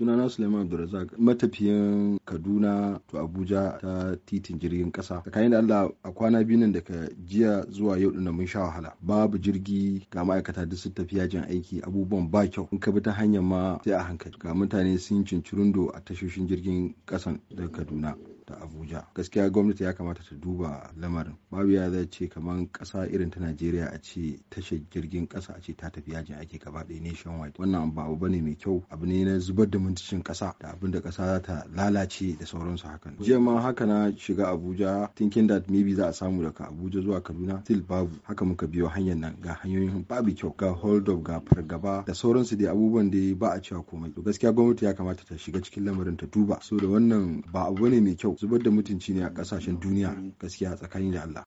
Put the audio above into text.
sunana suleiman abdulrazak matafiyan kaduna to abuja ta titin jirgin kasa tsakanin da allah a kwana biyu nan daga jiya zuwa yau da mun sha wahala babu jirgi ga ma'aikata duk sun tafi yajin aiki abubuwan ba kyau in ka bi ta hanyar ma sai a hankali ga mutane sun cincirundo a tashoshin jirgin kasan daga kaduna ta abuja gaskiya gwamnati ya kamata ta duba lamarin babu ya zai ce kamar ƙasa irin ta najeriya a ce tashe jirgin kasa a ce ta tafi yajin aiki gaba ɗaya nation wide wannan ba abu bane mai kyau abu ne na zubar da mutuncin kasa, da abin da kasa za ta lalace da sauransu hakan jiya ma haka na shiga abuja thinking that maybe za a samu daga abuja zuwa kaduna still babu haka muka biyo hanyar nan ga hanyoyin babu kyau ga hold up ga fargaba da sauransu dai abubuwan da ba a cewa komai to gaskiya gwamnati ya kamata ta shiga cikin lamarin ta duba so da wannan ba abu ne mai kyau zubar da mutunci ne a kasashen duniya gaskiya tsakani da Allah